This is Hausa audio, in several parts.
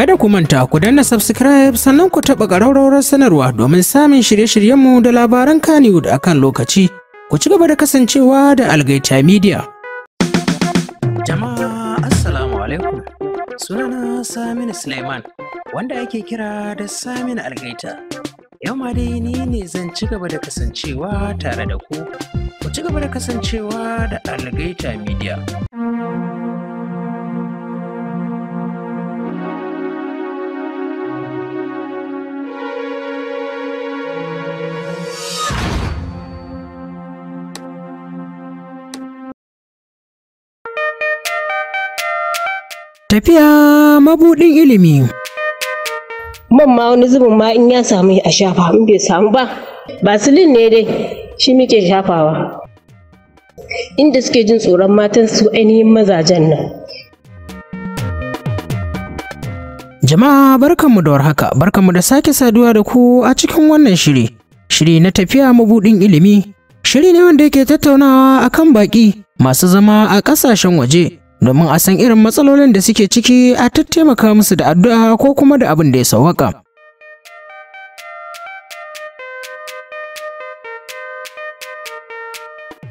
Kada ku manta ku danna subscribe sannan ku taɓa ƙararrawar sanarwa domin samun shirye-shiryenmu da labaran Kannywood a kan lokaci. Ku ci gaba da kasancewa da Algaita Media. Jama'a Assalamu alaikum. Sunana Saminu Suleiman wanda ake kira da Saminu Algaita. Yau ma dai ni ne zan ci gaba da kasancewa tare da ku. Ku ci gaba da kasancewa da Algaita Media. Tafiya mabudin ilimi. Man ma wani zubin ma in ya samu a shafa in bai samu ba. Basilin ne dai shi muke shafawa. Inda suke jin tsoron matan su ainihin mazajen nan. Jama'a barkanmu da warhaka, barkanmu da sake saduwa da ku a cikin wannan shiri. Shiri na tafiya mabudin ilimi. Shiri ne wanda yake tattaunawa akan baƙi masu zama a ƙasashen waje. domin a san irin matsalolin da suke ciki a tattaimaka musu da addu'a ko kuma da abin da ya sauwaka.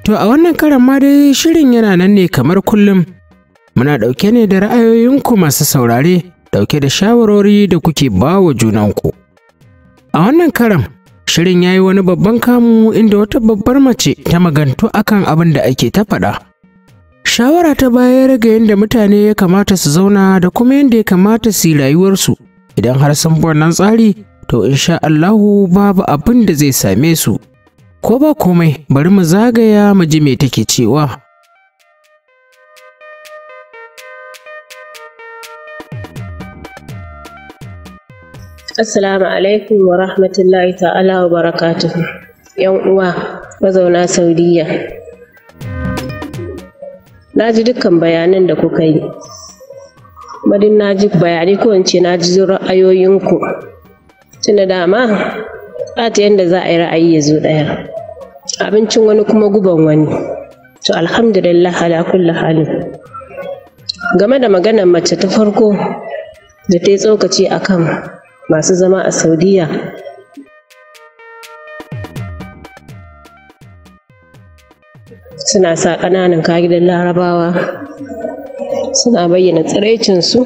To a wannan karan ma dai shirin yana nan ne kamar kullum. Muna ɗauke ne da ra'ayoyinku masu saurare, ɗauke da shawarori da kuke ba wa junanku. A wannan karan, shirin ya yi wani babban kamu inda wata babbar mace ta magantu akan abin da ake ta faɗa. Shawara ta baya ya rage yadda mutane ya kamata su zauna da kuma yadda ya kamata su yi rayuwarsu. Idan har sun bi wannan tsari, to insha Allahu babu abin da zai same su. Ko ba komai, bari mu zagaya mu ji me take cewa. Assalamu alaikum wa rahmatullahi ta'ala wa barakatuhu. ‘Yan uwa mazauna Saudiyya. na ji dukkan bayanan da kuka yi madin na ji bayanai ko in na ji ra'ayoyinku tunda dama ta yadda za a yi ra'ayi ya zo ɗaya abincin wani kuma guban wani to alhamdulillah ala kulli hali game da maganar mace ta farko da ta yi tsokaci akan masu zama a Saudiyya. suna sa ƙananan kagidan larabawa suna bayyana tsiraicinsu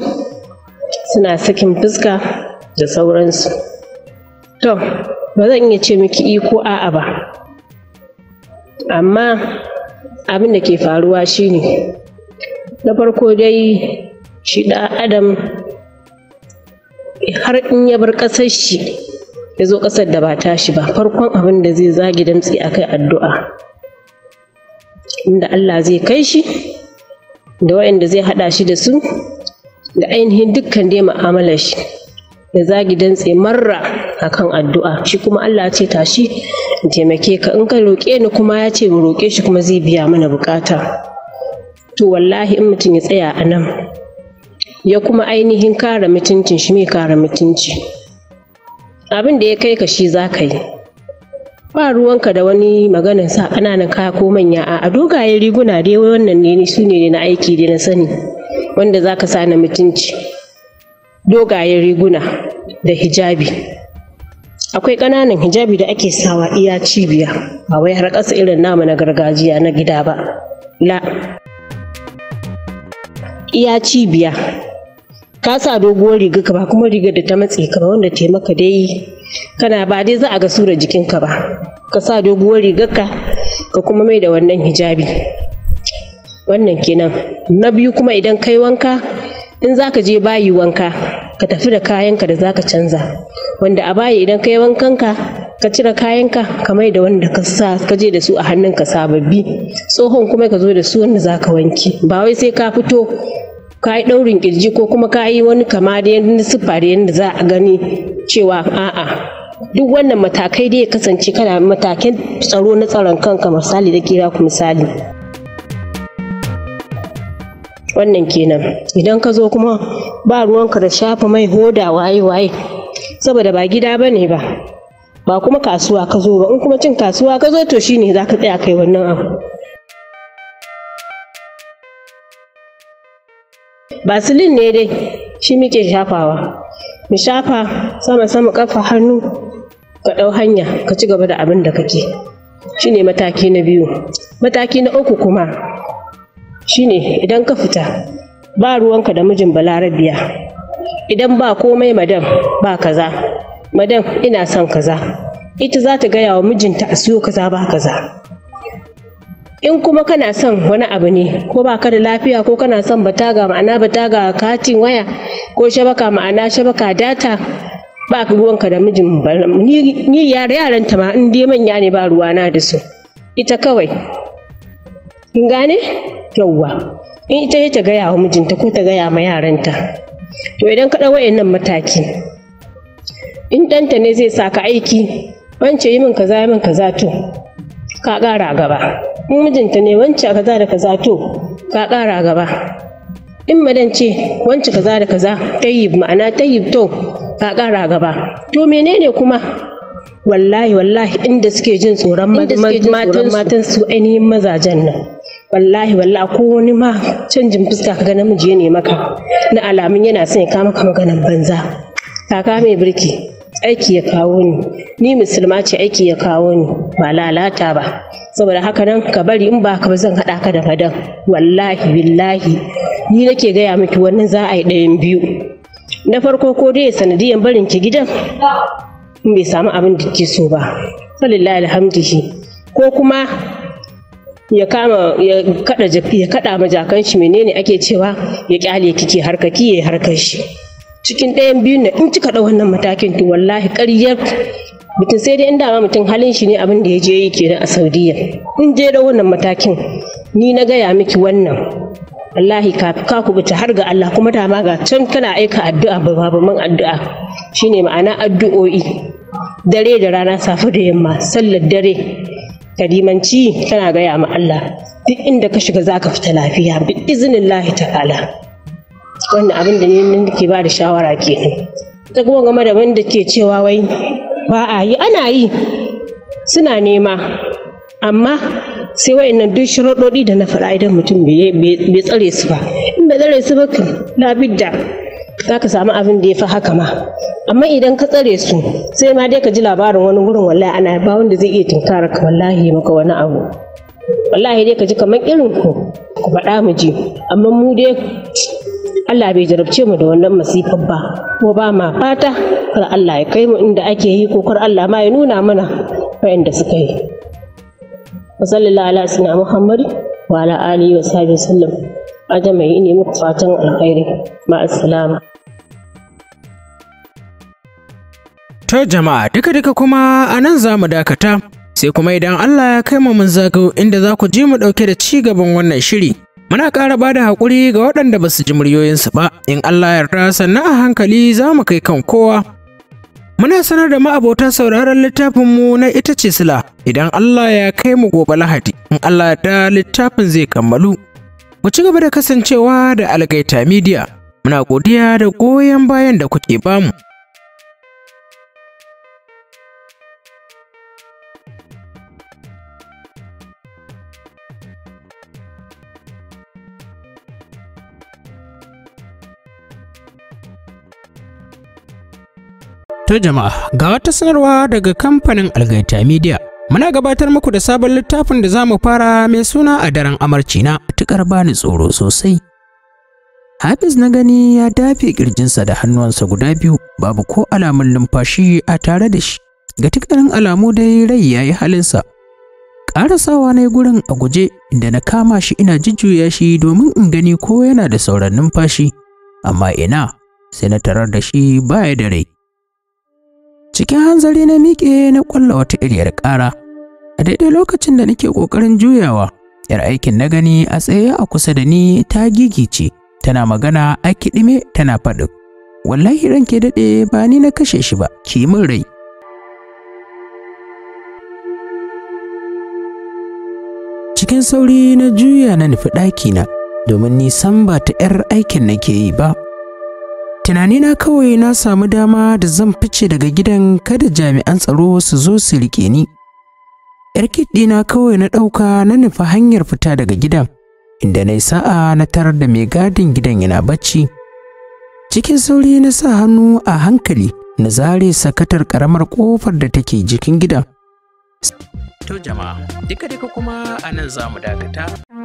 suna sakin fuska da sauransu to ba zan iya ce miki iko a'a ba amma abin da ke faruwa shine na farko dai shi da adam har in ya bar ƙasar shi ya zo ƙasar da ba tashi ba farkon abin da zai zagi damtsi akai addu'a inda Allah zai kai shi da wayanda zai haɗa shi da su da ainihin dukkan dai ma'amalar shi da zagi dantse marra akan addu'a shi kuma Allah ce tashi in taimake ka in ka roƙe ni kuma ya ce mu roƙe shi kuma zai biya mana bukata to wallahi in mutum ya tsaya a nan ya kuma ainihin kare mutuncin shi mai kare mutunci abin da ya kai ka shi za ka yi ba ruwanka da wani maganin sa ƙananan kaya ko manya a dogaye riguna dai wannan ne su ne na aiki da na sani wanda za ka sa na mutunci Dogaye riguna da hijabi akwai ƙananan hijabi da ake sawa iya cibiya ba wai har ƙasa irin nama na gargajiya na gida ba la iya cibiya ka sa doguwar riga ka ba kuma rigar da ta matse ka ba wanda ta maka dai kana ba dai za a ga sura jikinka ba ka sa doguwar rigar ka ka kuma mai da wannan hijabi wannan kenan na biyu kuma idan kai wanka in za ka je bayi wanka ka tafi da kayanka da za ka canza wanda a bayi idan kai wankanka ka cire kayanka ka mai da wanda ka sa ka je da su a hannunka sababbi tsohon kuma ka zo da su wanda za ka wanke ba wai sai ka fito ka yi ɗaurin ƙirji ko kuma ka yi wani kama da yadda siffa da yadda za a gani cewa a'a duk wannan matakai da ya kasance kana matakan tsaro na tsaron kanka misali da kira ku misali wannan kenan idan ka zo kuma ba ruwanka da shafa mai hoda waye waye saboda ba gida ba ba ba kuma kasuwa ka zo ba in kuma cin kasuwa ka zo to shine za ka tsaya kai wannan abu basilin ne dai shi muke shafawa mu shafa sama sama kafa hannu ka ɗau hanya ka ci gaba da abin da kake shi ne mataki na biyu mataki na uku kuma shi ne idan ka fita ba ruwanka da mijin balarabiya idan ba komai madam ba kaza madam ina son kaza ita za ta gaya wa mijinta a siyo kaza ba kaza in kuma kana son wani abu ne ko ba ka da lafiya ko kana son ga ma'ana ga katin waya ko shabaka ma'ana shabaka data ba ka ka da mijin ni yaran ta ma in dai manya ne ba ruwa na da su ita kawai kin gane yawwa in ita ta gaya wa mijinta ko ta gaya ma yaranta to idan ka ɗau nan mataki in ɗanta ne zai sa ka aiki wance yi min kaza yi min kaza to ka ƙara gaba in mijinta ne wance kaza da kaza to ka ƙara gaba in madan ce wance kaza da kaza tayyib ma'ana tayyib to ka ƙara gaba to menene kuma wallahi wallahi inda suke jin tsoron matan su ainihin mazajen nan wallahi wallahi ko wani ma canjin fuska ka ga namiji ne maka na alamun yana son ya kama maka maganan banza kaka mai birki aiki ya kawo ni ni musulma ce aiki ya kawo ni ba lalata ba saboda haka nan ka bari in ba ka ba zan haɗa ka da fadan wallahi billahi ni nake gaya miki wannan za a yi ɗayan biyu na farko ko dai sanadiyan barin ki gidan in bai samu abin da ke so ba sallallahu alhamdihi ko kuma ya kama ya kada ya kada majakan shi menene ake cewa ya kyale kike harkaki yayi harkar shi cikin ɗayan biyun na in cika ɗau wannan matakin to wallahi ƙaryar mutum sai dai in ma mutum halin shi ne abin da ya je yi kenan a saudiya in je da wannan matakin ni na gaya miki wannan wallahi kafi ka kubuta har ga Allah kuma ma ga can kana aika addu'a man addu'a shine ma'ana addu'o'i dare da rana safe da yamma sallar dare kadimanci tana gaya ma Allah duk inda ka shiga zaka fita lafiya bi iznillahi ta'ala wannan abin da ne nake ba da shawara ke ta kuma game da wanda ke cewa wai ba a yi ana yi suna nema amma sai wa'annan duk shiroɗoɗi da na faɗa idan mutum bai tsare su ba in bai tsare su ba labidda za ka samu abin da ya fi haka ma amma idan ka tsare su sai ma dai ka ji labarin wani gurin wallahi ana ba wanda zai iya tunkara ka wallahi maka wani abu wallahi dai ka ji kamar irin ku ku faɗa mu ji amma mu dai Allah bai jarabce mu da wannan masifar ba ko ba ma fata kar Allah ya kai mu inda ake yi ko kar Allah ma ya nuna mana wa'anda suka yi wa sallallahu ala sina muhammad wa ala alihi wa sahbihi sallam ajma'in ne muku fatan alkhairi ma assalama to jama'a duka duka kuma anan za mu dakata sai kuma idan Allah ya kai mu mun zagayo inda za ku ji mu dauke da ci gaban wannan shiri Muna ƙara ba da haƙuri ga waɗanda ba su ji muryoyinsu ba, in Allah yarda sannan a hankali za mu kai kan kowa. Muna sanar da ma'abota sauraron littafinmu na ita ce sila, idan Allah ya kai mu gobe Lahadi, in Allah da littafin zai kammalu. Ku ci gaba da kasancewa da Algaita Media, muna godiya da goyon bayan da kuke bamu. To jama'a ga wata sanarwa daga kamfanin Algaita Media. Muna gabatar muku da sabon littafin da zamu fara mai suna a daren amarci na tukar bani tsoro sosai. Hafiz na gani ya dafe kirjinsa da hannuwansa guda biyu babu ko alamun numfashi a tare da shi. Ga tukarin alamu dai rai ya yi halinsa. Ƙarasawa na gurin a guje inda na kama shi ina jujjuya shi domin in gani ko yana da sauran numfashi. Amma ina sai na tarar da shi baya da rai. cikin hanzari na miƙe na ƙwallo wata iriyar ƙara a daidai lokacin da nake ƙoƙarin juyawa yar aikin na gani a tsaye a kusa da ni ta gigice tana magana a kiɗime tana faɗin wallahi ke daɗe ba ni na kashe shi ba ki min rai cikin sauri na juya na nufi na, domin nisan ba ta 'yar aikin nake yi ba tunani na kawai na samu dama da zan fice daga gidan kada jami'an tsaro su zo su rike ni yar na kawai na ɗauka na nufi hanyar fita daga gidan inda na yi sa'a na tarar da mai gadin gidan yana bacci cikin sauri na sa hannu a hankali na zare sakatar ƙaramar ƙofar da take jikin gidan to jama'a duka-duka kuma a nan dakata